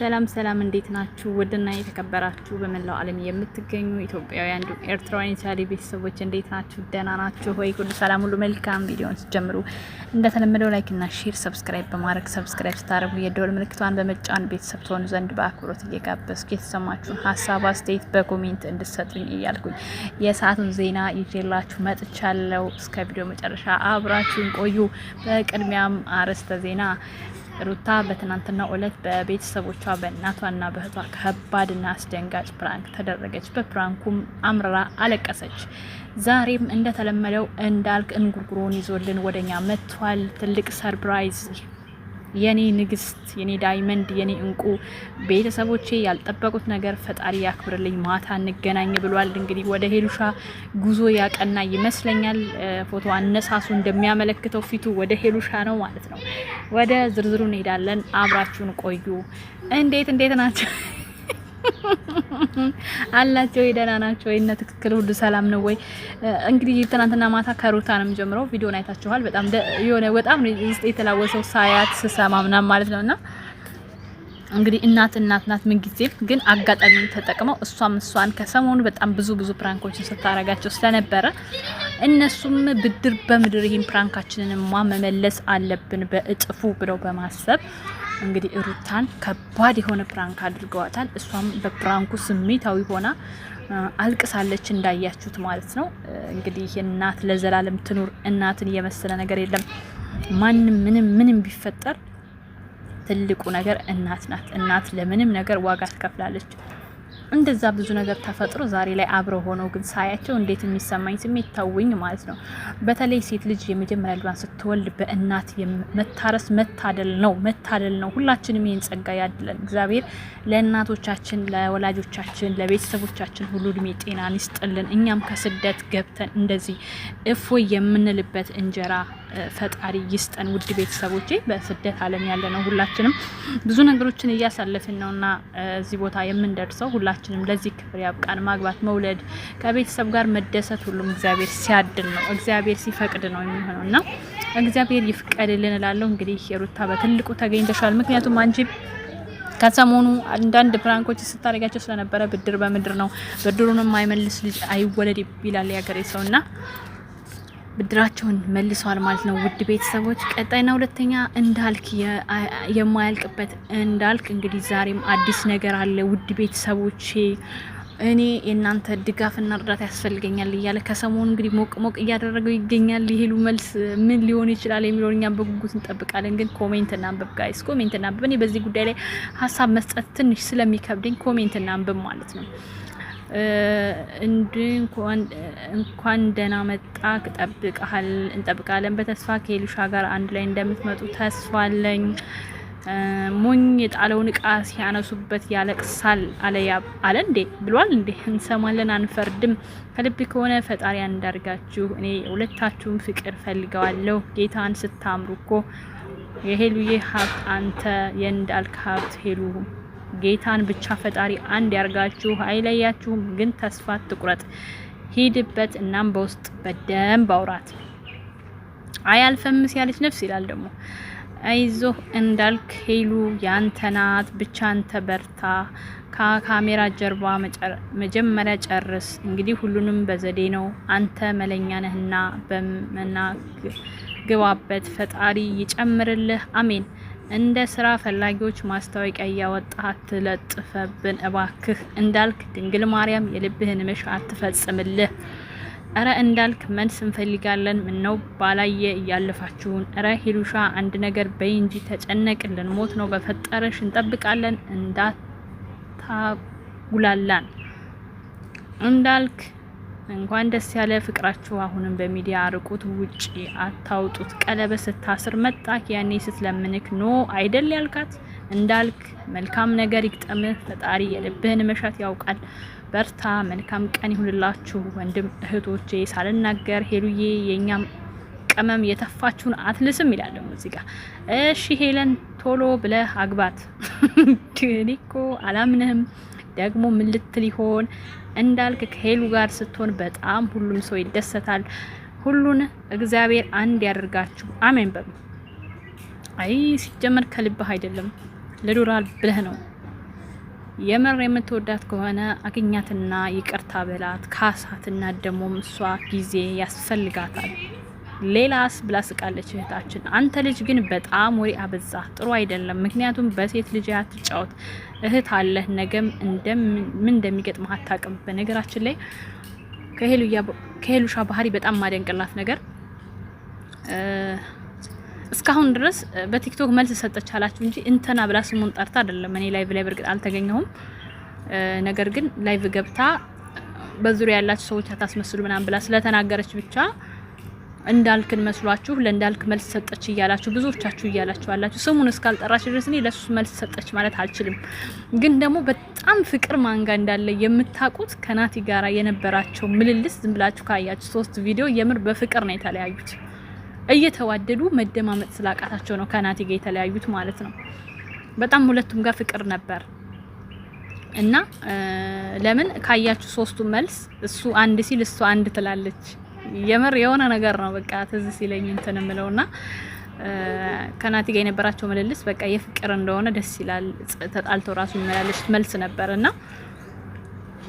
ሰላም ሰላም፣ እንዴት ናችሁ? ውድና የተከበራችሁ በመላው ዓለም የምትገኙ ኢትዮጵያውያን እንዲሁም ኤርትራውያን ቻሊ ቤተሰቦች እንዴት ናችሁ? ደህና ናችሁ ሆይ? ሁሉ ሰላም፣ ሁሉ መልካም። ቪዲዮን ሲጀምሩ እንደተለመደው ላይክ እና ሼር፣ ሰብስክራይብ በማድረግ ሰብስክራይብ ስታደርጉ የደወል ምልክቷን በመጫን ቤተሰብ ትሆኑ ዘንድ በአክብሮት እየጋበዝኩ የተሰማችሁን ሀሳብ አስተያየት በኮሜንት እንድትሰጡኝ እያልኩኝ የሰዓቱን ዜና ይዤላችሁ መጥቻለሁ። እስከ ቪዲዮ መጨረሻ አብራችሁን ቆዩ። በቅድሚያም አርዕስተ ዜና ሩታ በትናንትናው ዕለት በቤተሰቦቿ በእናቷና በእህቷ ከባድና አስደንጋጭ ፕራንክ ተደረገች። በፕራንኩም አምርራ አለቀሰች። ዛሬም እንደተለመደው እንዳልክ እንጉርጉሮን ይዞልን ወደኛ መጥቷል። ትልቅ ሰርፕራይዝ የኔ ንግስት፣ የኔ ዳይመንድ፣ የኔ እንቁ ቤተሰቦቼ ያልጠበቁት ነገር ፈጣሪ ያክብርልኝ። ማታ እንገናኝ ብሏል። እንግዲህ ወደ ሄሉሻ ጉዞ ያቀና ይመስለኛል። ፎቶ አነሳሱ እንደሚያመለክተው ፊቱ ወደ ሄሉሻ ነው ማለት ነው። ወደ ዝርዝሩ እንሄዳለን። አብራችሁን ቆዩ። እንዴት እንዴት ናቸው አላቸው ወይ? ደህና ናቸው ወይ? እነ ትክክል ሁሉ ሰላም ነው ወይ? እንግዲህ ትናንትና ማታ ከሩታ ነው የሚጀምረው። ቪዲዮን አይታችኋል። በጣም የሆነ በጣም የተላወሰው ሳያት ስሰማ ምናምን ማለት ነውና እንግዲህ እናት እናት ናት ምንጊዜም። ግን አጋጣሚውን ተጠቅመው እሷም እሷን ከሰሞኑ በጣም ብዙ ብዙ ፕራንኮችን ስታረጋቸው ስለነበረ እነሱም ብድር በምድር ይህን ፕራንካችንን መመለስ አለብን በእጥፉ ብለው በማሰብ እንግዲህ ሩታን ከባድ የሆነ ፕራንክ አድርገዋታል። እሷም በፕራንኩ ስሜታዊ ሆና አልቅሳለች እንዳያችሁት ማለት ነው። እንግዲህ እናት ለዘላለም ትኑር። እናትን የመሰለ ነገር የለም። ማንም ምንም ምንም ቢፈጠር ትልቁ ነገር እናት ናት። እናት ለምንም ነገር ዋጋ ትከፍላለች። እንደዛ ብዙ ነገር ተፈጥሮ ዛሬ ላይ አብረ ሆነው ግን ሳያቸው እንዴት የሚሰማኝ ስሜት ታውኝ ማለት ነው። በተለይ ሴት ልጅ የመጀመሪያ ልጇን ስትወልድ በእናት መታረስ መታደል ነው፣ መታደል ነው። ሁላችንም ይህን ጸጋ ያድለን እግዚአብሔር ለእናቶቻችን፣ ለወላጆቻችን፣ ለቤተሰቦቻችን ሁሉ እድሜ ጤናን ይስጥልን። እኛም ከስደት ገብተን እንደዚህ እፎ የምንልበት እንጀራ ፈጣሪ ይስጠን። ውድ ቤተሰቦቼ በስደት ዓለም ያለ ነው ሁላችንም ብዙ ነገሮችን እያሳለፍን እና እዚህ ቦታ የምንደርሰው ሁላችንም ለዚህ ክብር ያብቃን። ማግባት፣ መውለድ፣ ከቤተሰብ ጋር መደሰት ሁሉም እግዚአብሔር ሲያድል ነው እግዚአብሔር ሲፈቅድ ነው የሚሆነው እና እግዚአብሔር ይፍቀድልን እላለሁ። እንግዲህ የሩታ በትልቁ ተገኝተሻል። ምክንያቱም አንቺ ከሰሞኑ አንዳንድ ፕራንኮች ስታደርጋቸው ስለነበረ ብድር በምድር ነው ብድሩንም አይመልስ ልጅ አይወለድ ይላል ያገሬ እና ብድራቸውን መልሰዋል ማለት ነው። ውድ ቤተሰቦች ቀጣይና ሁለተኛ እንዳልክ የማያልቅበት እንዳልክ እንግዲህ ዛሬም አዲስ ነገር አለ። ውድ ቤተሰቦቼ እኔ የእናንተ ድጋፍና እርዳታ ያስፈልገኛል እያለ ከሰሞኑ እንግዲህ ሞቅ ሞቅ እያደረገው ይገኛል። የሄሉ መልስ ምን ሊሆን ይችላል የሚለውን እኛም በጉጉት እንጠብቃለን። ግን ኮሜንት እናንብብ ጋይስ፣ ኮሜንት እናንብብ። እኔ በዚህ ጉዳይ ላይ ሀሳብ መስጠት ትንሽ ስለሚከብደኝ ኮሜንት እናንብብ ማለት ነው። እንኳን ደህና መጣ እንጠብቃለን። በተስፋ ከኤልሻ ጋር አንድ ላይ እንደምትመጡ ተስፋ አለኝ። ሞኝ የጣለውን እቃ ሲያነሱበት ያለቅሳል አለ እንዴ ብሏል እንዴ? እንሰማለን፣ አንፈርድም። ከልብ ከሆነ ፈጣሪ አንዳርጋችሁ። እኔ ሁለታችሁም ፍቅር ፈልገዋለሁ። ጌታን ስታምሩ እኮ የሄሉዬ ሀብት አንተ የእንዳልክ ሀብት ሄሉ ጌታን ብቻ ፈጣሪ አንድ ያርጋችሁ፣ አይለያችሁም። ግን ተስፋ ትቁረጥ፣ ሂድበት። እናም በውስጥ በደንብ አውራት። አያልፈም ሲያለች ነፍስ ይላል ደግሞ አይዞህ እንዳልክ ሄሉ ያንተ ናት። ብቻ አንተ በርታ። ከካሜራ ጀርባ መጀመሪያ ጨርስ። እንግዲህ ሁሉንም በዘዴ ነው። አንተ መለኛ ነህና በመና ግባበት። ፈጣሪ ይጨምርልህ። አሜን። እንደ ስራ ፈላጊዎች ማስታወቂያ እያወጣ አትለጥፈብን እባክህ። እንዳልክ ድንግል ማርያም የልብህን ምሽ አትፈጽምልህ። እረ እንዳልክ መልስ እንፈልጋለን። ምነው ባላየ እያለፋችሁን? እረ ሂሉሻ አንድ ነገር በይ እንጂ ተጨነቅልን። ሞት ነው በፈጠረሽ፣ እንጠብቃለን። እንዳታጉላላን እንዳልክ እንኳን ደስ ያለ ፍቅራችሁ አሁንም በሚዲያ አርቁት፣ ውጪ አታውጡት። ቀለበት ስታስር መጣክ ያኔ ስትለምንክ ኖ አይደል ያልካት እንዳልክ መልካም ነገር ይግጠምህ። ፈጣሪ የልብህን መሻት ያውቃል። በርታ። መልካም ቀን ይሁንላችሁ ወንድም እህቶቼ። ሳልናገር ሄሉዬ የእኛም ቅመም የተፋችሁን አትልስም ይላል እዚህ ጋ። እሺ ሄለን ቶሎ ብለህ አግባት። እኔ እኮ አላምንህም ደግሞ ምን ልትል ይሆን እንዳልክ ከሄሉ ጋር ስትሆን በጣም ሁሉም ሰው ይደሰታል። ሁሉን እግዚአብሔር አንድ ያደርጋችሁ አሜን በሉ። አይ ሲጀመር ከልብህ አይደለም ለዶላር ብለህ ነው። የምር የምትወዳት ከሆነ አግኛትና ይቅርታ በላት ካሳትና፣ ደግሞ እሷ ጊዜ ያስፈልጋታል። ሌላስ ብላ ስቃለች እህታችን። አንተ ልጅ ግን በጣም ወሬ አበዛ፣ ጥሩ አይደለም። ምክንያቱም በሴት ልጅ አትጫወት፣ እህት አለህ፣ ነገም ምን እንደሚገጥም አታውቅም። በነገራችን ላይ ከሄሉሻ ባህሪ በጣም ማደንቅላት ነገር እስካሁን ድረስ በቲክቶክ መልስ ሰጠች አላችሁ እንጂ እንተና ብላ ስሙን ጠርታ አይደለም። እኔ ላይቭ ላይ በእርግጥ አልተገኘሁም፣ ነገር ግን ላይቭ ገብታ በዙሪያ ያላችሁ ሰዎች አታስመስሉ ምናምን ብላ ስለተናገረች ብቻ እንዳልክን መስሏችሁ ለእንዳልክ መልስ ሰጠች እያላችሁ ብዙዎቻችሁ እያላችሁ አላችሁ። ስሙን እስካልጠራች ድረስ እኔ ለሱ መልስ ሰጠች ማለት አልችልም። ግን ደግሞ በጣም ፍቅር ማንጋ እንዳለ የምታውቁት ከናቲ ጋራ የነበራቸው ምልልስ ዝም ብላችሁ ካያችሁ ሶስት ቪዲዮ የምር በፍቅር ነው የተለያዩት። እየተዋደዱ መደማመጥ ስላቃታቸው ነው ከናቲ ጋር የተለያዩት ማለት ነው። በጣም ሁለቱም ጋር ፍቅር ነበር እና ለምን ካያችሁ ሶስቱ መልስ እሱ አንድ ሲል እሱ አንድ ትላለች። የምር የሆነ ነገር ነው በቃ ትዝ ሲለኝ እንትን የምለውና ከናቲ ጋር የነበራቸው ምልልስ በቃ የፍቅር እንደሆነ ደስ ይላል። ተጣልተው ራሱ የሚመላለሱት መልስ ነበር እና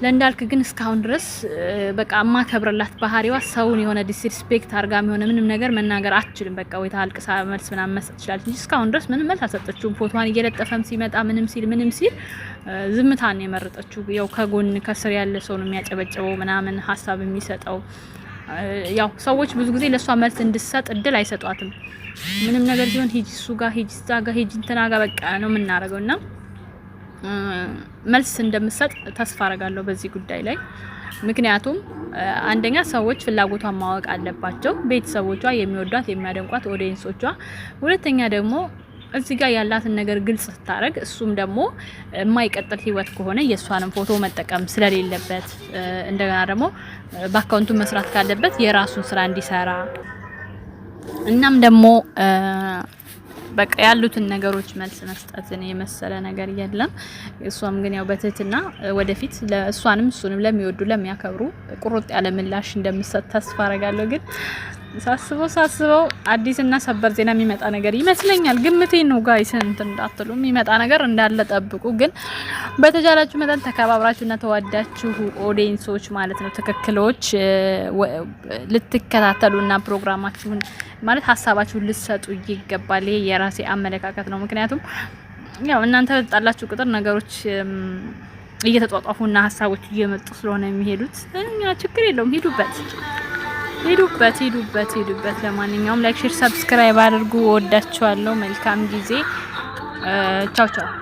ለእንዳልክ ግን እስካሁን ድረስ በቃ የማከብርላት ባህሪዋ ሰውን የሆነ ዲስሪስፔክት አርጋም የሆነ ምንም ነገር መናገር አትችልም። በቃ ወይ ታልቅሳ መልስ ምናምን መስጠት ትችላለች እንጂ እስካሁን ድረስ ምንም መልስ አልሰጠችውም። ፎቶዋን እየለጠፈም ሲመጣ ምንም ሲል ምንም ሲል ዝምታን የመረጠችው ያው ከጎን ከስር ያለ ሰው ነው የሚያጨበጭበው ምናምን ሀሳብ የሚሰጠው ያው ሰዎች ብዙ ጊዜ ለእሷ መልስ እንድሰጥ እድል አይሰጧትም። ምንም ነገር ሲሆን ሂጂ እሱ ጋር ሂጂ እዛ ጋር ሂጂ እንትና ጋር በቃ ነው የምናደርገው እና መልስ እንደምትሰጥ ተስፋ አረጋለሁ በዚህ ጉዳይ ላይ ምክንያቱም አንደኛ ሰዎች ፍላጎቷን ማወቅ አለባቸው፣ ቤተሰቦቿ የሚወዷት የሚያደንቋት ኦዲየንሶቿ። ሁለተኛ ደግሞ እዚህ ጋር ያላትን ነገር ግልጽ ስታደርግ እሱም ደግሞ የማይቀጥል ህይወት ከሆነ የእሷንም ፎቶ መጠቀም ስለሌለበት እንደገና ደግሞ በአካውንቱ መስራት ካለበት የራሱን ስራ እንዲሰራ እናም ደግሞ በቃ ያሉትን ነገሮች መልስ መስጠትን የመሰለ ነገር የለም። እሷም ግን ያው በትህትና ወደፊት ለእሷንም እሱንም ለሚወዱ ለሚያከብሩ ቁርጥ ያለ ምላሽ እንደምሰጥ ተስፋ አረጋለሁ ግን ሳስበው ሳስበው አዲስ እና ሰበር ዜና የሚመጣ ነገር ይመስለኛል። ግምቴ ነው ጋይስ፣ እንትን እንዳትሉ የሚመጣ ነገር እንዳለ ጠብቁ። ግን በተቻላችሁ መጠን ተከባብራችሁና ተዋዳችሁ ኦዲየንሶች ማለት ነው ትክክሎች ልትከታተሉና ፕሮግራማችሁን ማለት ሀሳባችሁን ልትሰጡ ይገባል። ይሄ የራሴ አመለካከት ነው። ምክንያቱም ያው እናንተ በጣላችሁ ቁጥር ነገሮች እየተጧጧፉና ሀሳቦች እየመጡ ስለሆነ የሚሄዱት እኛ ችግር የለውም ሂዱበት። ሂዱበት ሂዱበት ሂዱበት። ለማንኛውም ላይክ፣ ሼር፣ ሰብስክራይብ አድርጉ። ወዳችኋለሁ። መልካም ጊዜ። ቻው ቻው።